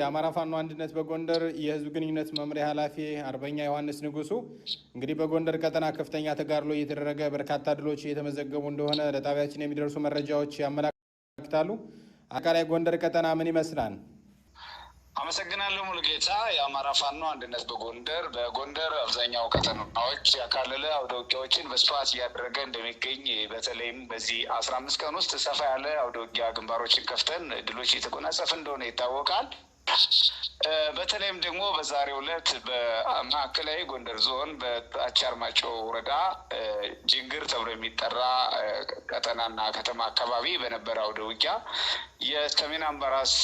የአማራ ፋኖ አንድነት በጎንደር የህዝብ ግንኙነት መምሪያ ኃላፊ አርበኛ ዮሐንስ ንጉሱ እንግዲህ በጎንደር ቀጠና ከፍተኛ ተጋድሎ እየተደረገ በርካታ ድሎች እየተመዘገቡ እንደሆነ ለጣቢያችን የሚደርሱ መረጃዎች ያመላክታሉ። አቃላይ ጎንደር ቀጠና ምን ይመስላል? አመሰግናለሁ ሙሉጌታ። የአማራ ፋኖ አንድነት በጎንደር በጎንደር አብዛኛው ቀጠናዎች ያካለለ አውደ ውጊያዎችን በስፋት እያደረገ እንደሚገኝ በተለይም በዚህ አስራ አምስት ቀን ውስጥ ሰፋ ያለ አውደ ውጊያ ግንባሮችን ከፍተን ድሎች እየተጎናጸፍ እንደሆነ ይታወቃል። በተለይም ደግሞ በዛሬው ዕለት በማዕከላዊ ጎንደር ዞን በታች አርማጭሆ ወረዳ ጅንግር ተብሎ የሚጠራ ቀጠናና ከተማ አካባቢ በነበረ አውደ ውጊያ የሰሜን አምባራስ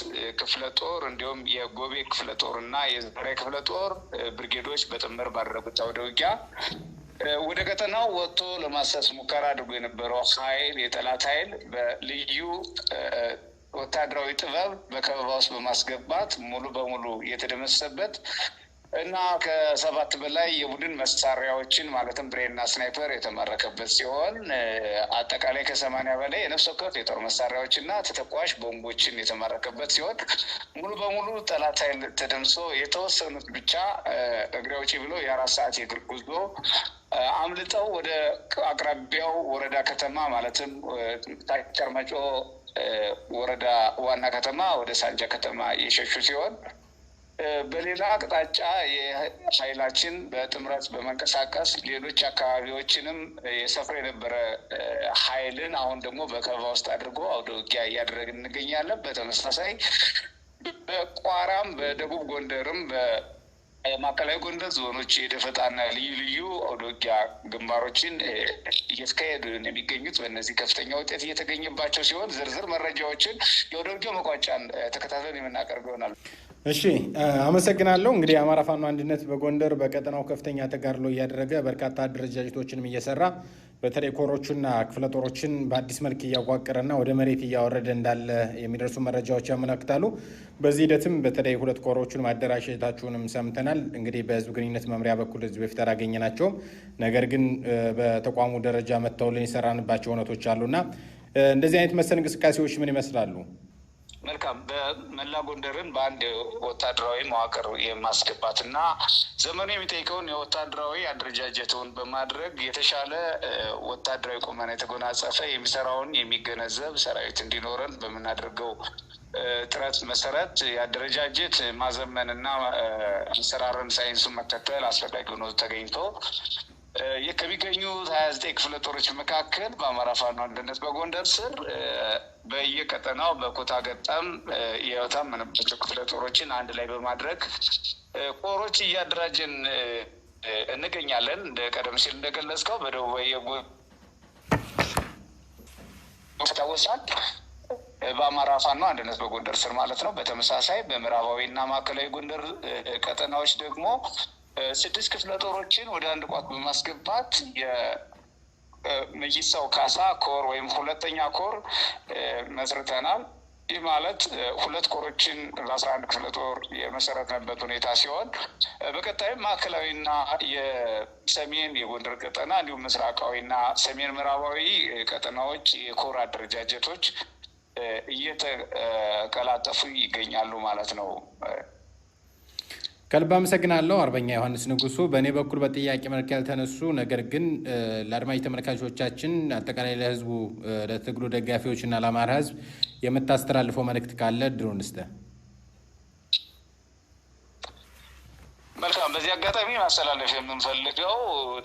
ክፍለ ጦር እንዲሁም የጎቤ ክፍለ ጦር እና የዘራይ ክፍለ ጦር ብርጌዶች በጥምር ባደረጉት አውደ ውጊያ ወደ ቀጠናው ወጥቶ ለማሰስ ሙከራ አድርጎ የነበረው ኃይል የጠላት ኃይል በልዩ ወታደራዊ ጥበብ በከበባ ውስጥ በማስገባት ሙሉ በሙሉ የተደመሰበት እና ከሰባት በላይ የቡድን መሳሪያዎችን ማለትም ብሬንና ስናይፐር የተመረከበት ሲሆን አጠቃላይ ከሰማኒያ በላይ የነፍስ ወከፍ የጦር መሳሪያዎችና ተተኳሽ ቦምቦችን የተመረከበት ሲሆን ሙሉ በሙሉ ጠላት ኃይል ተደምሶ የተወሰኑት ብቻ እግሬ ውጪ ብሎ የአራት ሰዓት የእግር ጉዞ አምልጠው ወደ አቅራቢያው ወረዳ ከተማ ማለትም ጨርመጮ ወረዳ ዋና ከተማ ወደ ሳንጃ ከተማ የሸሹ ሲሆን በሌላ አቅጣጫ የኃይላችን በጥምረት በመንቀሳቀስ ሌሎች አካባቢዎችንም የሰፍር የነበረ ኃይልን አሁን ደግሞ በከበባ ውስጥ አድርጎ አውደ ውጊያ እያደረግን እንገኛለን። በተመሳሳይ በቋራም በደቡብ ጎንደርም ማዕከላዊ ጎንደር ዞኖች የደፈጣና ልዩ ልዩ አውደ ግንባሮችን እየተካሄዱ የሚገኙት በእነዚህ ከፍተኛ ውጤት እየተገኘባቸው ሲሆን ዝርዝር መረጃዎችን የአውደ መቋጫን ተከታትለን የምናቀርብ ይሆናል። እሺ፣ አመሰግናለሁ። እንግዲህ የአማራ ፋኖ አንድነት በጎንደር በቀጠናው ከፍተኛ ተጋድሎ እያደረገ በርካታ አደረጃጀቶችንም እየሰራ በተለይ ኮሮቹና ክፍለ ጦሮችን በአዲስ መልክ እያዋቀረና ወደ መሬት እያወረደ እንዳለ የሚደርሱ መረጃዎች ያመለክታሉ። በዚህ ሂደትም በተለይ ሁለት ኮሮቹን ማደራጀታችሁንም ሰምተናል። እንግዲህ በህዝብ ግንኙነት መምሪያ በኩል እዚህ በፊት ናቸውም። ነገር ግን በተቋሙ ደረጃ መጥተውልን የሰራንባቸው እውነቶች አሉና እንደዚህ አይነት መሰል እንቅስቃሴዎች ምን ይመስላሉ? መልካም በመላ ጎንደርን በአንድ ወታደራዊ መዋቅር የማስገባት እና ዘመኑ የሚጠይቀውን የወታደራዊ አደረጃጀቱን በማድረግ የተሻለ ወታደራዊ ቁመና የተጎናጸፈ የሚሰራውን የሚገነዘብ ሰራዊት እንዲኖረን በምናደርገው ጥረት መሰረት የአደረጃጀት ማዘመን እና አሰራርን ሳይንሱን መከተል አስፈላጊ ሆኖ ተገኝቶ ከሚገኙ ሀያ ዘጠኝ ክፍለ ጦሮች መካከል በአማራ ፋኖ አንድነት በጎንደር ስር በየቀጠናው በኩታ ገጠም የታመነባቸው ክፍለ ጦሮችን አንድ ላይ በማድረግ ቆሮች እያደራጀን እንገኛለን። እንደ ቀደም ሲል እንደገለጽከው በደቡብ የጎ ይታወሳል። በአማራ ፋኖ አንድነት በጎንደር ስር ማለት ነው። በተመሳሳይ በምዕራባዊ እና ማዕከላዊ ጎንደር ቀጠናዎች ደግሞ ስድስት ክፍለ ጦሮችን ወደ አንድ ቋት በማስገባት የምይሳው ካሳ ኮር ወይም ሁለተኛ ኮር መስርተናል። ይህ ማለት ሁለት ኮሮችን ለአስራ አንድ ክፍለ ጦር የመሰረትንበት ሁኔታ ሲሆን በቀጣይም ማዕከላዊና የሰሜን የጎንደር ቀጠና እንዲሁም ምስራቃዊና ሰሜን ምዕራባዊ ቀጠናዎች የኮር አደረጃጀቶች እየተቀላጠፉ ይገኛሉ ማለት ነው። ከልብ አመሰግናለሁ አርበኛ ዮሐንስ ንጉሱ። በእኔ በኩል በጥያቄ መልክ ያልተነሱ ነገር ግን ለአድማጭ ተመልካቾቻችን፣ አጠቃላይ ለህዝቡ፣ ለትግሉ ደጋፊዎችና ለአማራ ህዝብ የምታስተላልፈው መልእክት ካለ እድሉን ስተ መልካም። በዚህ አጋጣሚ ማስተላለፍ የምንፈልገው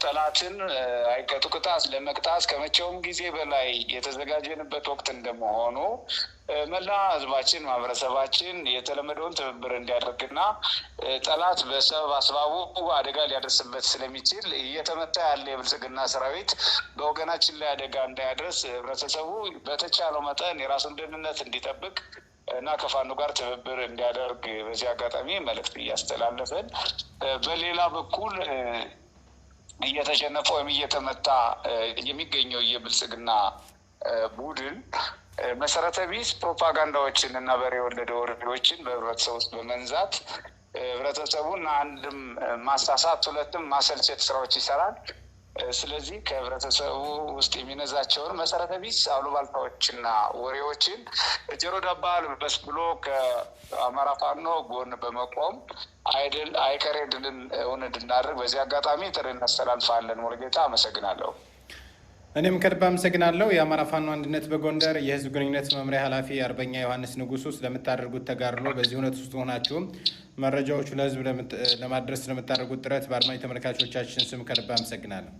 ጠላትን አይቀጡ ቅጣት ለመቅጣት ከመቼውም ጊዜ በላይ የተዘጋጀንበት ወቅት እንደመሆኑ መላ ህዝባችን ማህበረሰባችን የተለመደውን ትብብር እንዲያደርግና ጠላት በሰበብ አስባቡ አደጋ ሊያደርስበት ስለሚችል እየተመታ ያለ የብልጽግና ሰራዊት በወገናችን ላይ አደጋ እንዳያደርስ ህብረተሰቡ በተቻለው መጠን የራሱን ደህንነት እንዲጠብቅ እና ከፋኖ ጋር ትብብር እንዲያደርግ በዚህ አጋጣሚ መልእክት እያስተላለፈን በሌላ በኩል እየተሸነፈ ወይም እየተመታ የሚገኘው የብልጽግና ቡድን መሰረተ ቢስ ፕሮፓጋንዳዎችን እና በሬ የወለደ ወሬዎችን በህብረተሰብ ውስጥ በመንዛት ህብረተሰቡን አንድም ማሳሳት ሁለትም ማሰልቸት ስራዎች ይሰራል። ስለዚህ ከህብረተሰቡ ውስጥ የሚነዛቸውን መሰረተ ቢስ አሉባልታዎችና ወሬዎችን ጆሮ ዳባ ልበስ ብሎ ከአማራ ፋኖ ጎን በመቆም አይደል አይቀሬ ድልን እውን እንድናደርግ በዚህ አጋጣሚ ጥሪ እናስተላልፋለን። ሙሉጌታ አመሰግናለሁ። እኔም ከልብ አመሰግናለሁ። የአማራ ፋኖ አንድነት በጎንደር የህዝብ ግንኙነት መምሪያ ኃላፊ አርበኛ ዮሐንስ ንጉሱ ስለምታደርጉት ተጋድሎ በዚህ እውነት ውስጥ ሆናችሁም መረጃዎቹ ለህዝብ ለማድረስ ስለምታደርጉት ጥረት በአድማጭ ተመልካቾቻችን ስም ከልብ አመሰግናለሁ።